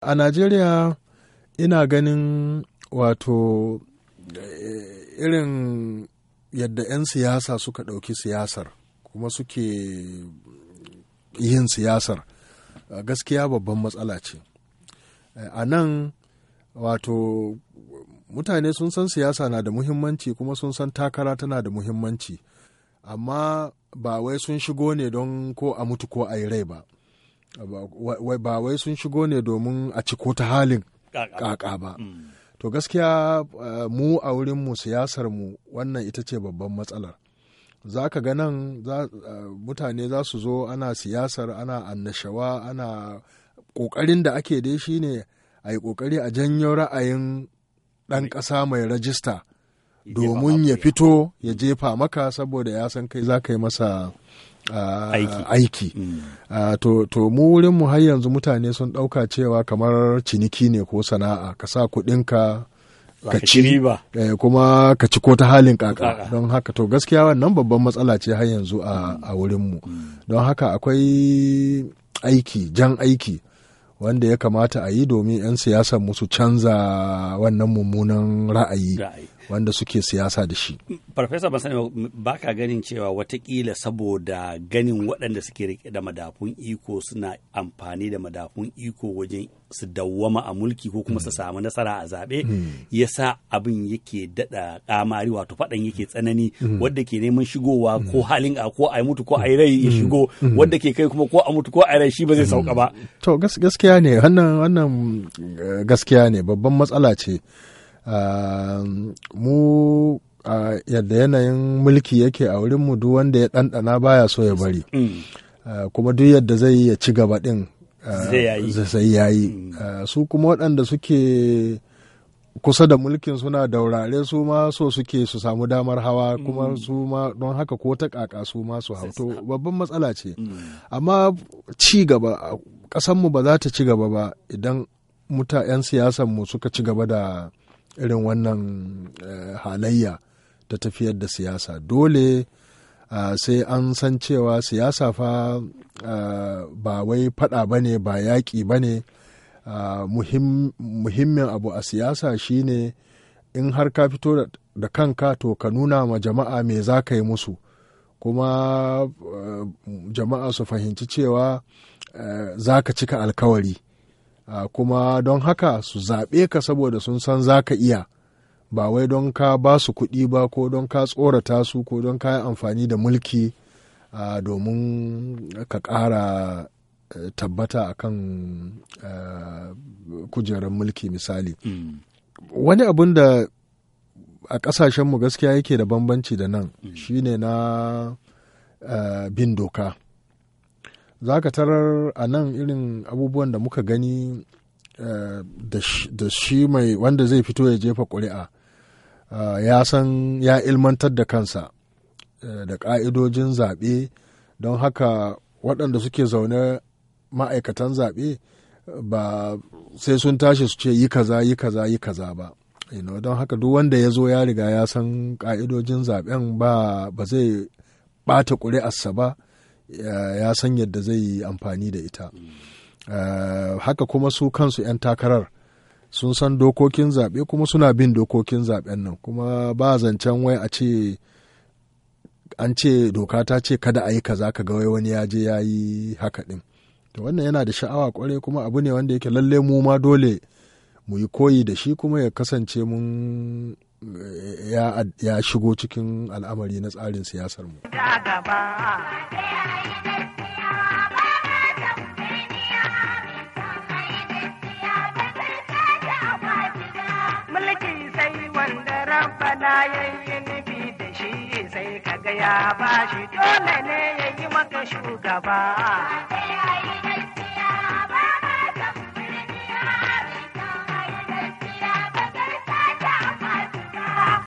A Najeriya ina ganin wato eh, irin yadda 'yan siyasa suka ɗauki siyasar kuma suke yin siyasar gaskiya babban matsala ce. A nan wato mutane sun san siyasa na da muhimmanci kuma sun san takara tana da muhimmanci amma ba wai sun shigo ne don ko a mutu ko a yi rai ba. ba wai sun shigo ne domin a ciko ta halin kaka ba mm. to gaskiya eh, mu a wurinmu siyasarmu wannan ita ce babban matsalar za ka ga nan eh, mutane za su zo ana siyasar ana annashawa ana ƙoƙarin da ake dai ne a yi ƙoƙari a janyo ra'ayin ɗan ƙasa mai rajista domin ya fito ya jefa maka saboda ya san kai za ka yi masa Ah, aiki mm. ah, to, to mu wurin har yanzu mutane sun ɗauka cewa kamar ciniki ne ko sana'a ka sa kuɗinka ka ci eh, kuma ka ci ko ta halin kaka don haka to gaskiya wannan babban matsala ce har yanzu a, wurinmu mm. don haka akwai aiki jan aiki wanda ya kamata a yi domin 'yan siyasar musu canza wannan mummunan ra'ayi wanda suke siyasa da shi. Farfesa ban ba ka ganin cewa watakila saboda ganin waɗanda suke rike da madafun iko suna amfani da madafun iko wajen su dawwama a mulki ko kuma su hmm. samu nasara a zaɓe hmm. ya sa abin yake daɗa ƙamari wato faɗan yake tsanani hmm. wadda ke neman shigowa ko halin a ko a mutu ko a rai ya shigo wadda ke kai kuma ko a mutu ko a rai shi ba zai sauka ba. To gaskiya ne wannan eh, gaskiya ne babban matsala ce. mu yadda yanayin mulki yake a mu duk wanda ya ɗanɗana baya so ya bari mm. kuma duk yadda zai ya ci gaba ɗin sai yayi mm. su kuma waɗanda suke kusa da mulkin suna daurare su ma so suke su samu damar hawa mm. kuma su ma don haka ko ta kaka su ma su hau babban matsala ce amma ci gaba kasanmu ba za ta ci gaba ba idan muta 'yan siyasanmu suka ci gaba da irin wannan eh, halayya ta tafiyar da siyasa dole eh, sai an san cewa siyasa fa eh, ba wai fada ba ne ba yaƙi ba ne muhimmin abu a siyasa shine in har ka fito da kanka to ka nuna ma jama'a me za ka yi musu kuma jama'a su fahimci cewa za ka cika alkawari kuma don haka su zaɓe ka saboda sun san za ka iya ba wai don ka ba su kuɗi ba ko don ka tsorata su ko don ka yi amfani da mulki domin ka ƙara eh, tabbata a kan eh, kujerar mulki misali hmm. wani abun da a ƙasashenmu gaskiya yake da bambanci da nan hmm. shine na eh, bin doka za ka tarar a nan irin abubuwan da muka gani eh, da shi mai wanda zai fito ya jefa ƙuri'a eh, ya san ya ilmantar da kansa eh, da ƙa'idojin zaɓe don haka waɗanda suke zaune ma'aikatan zaɓe ba sai sun tashi su ce yi kaza yi kaza yi kaza ba don haka duk wanda ya zo ya riga ya san ƙa'idojin zaɓen ba ba zai ɓata ƙuri'arsa ba ya san yadda zai yi amfani da ita eh, haka kuma su kansu 'yan takarar sun san dokokin zaɓe kuma suna bin dokokin zaɓen nan kuma ba zancen wai a ce an ce doka ta ce kada a yi kaza ka ga wai wani ya je ya yi haka ɗin to wannan yana da sha'awa kwarai kuma abu ne wanda yake lalle mu ma dole mu yi koyi da shi kuma ya kasance mun eh, ya, shigo cikin al'amari na tsarin siyasar mu. kayan yinibi da shi sai kaga ya bashi dole ne ya yi maka shugaba.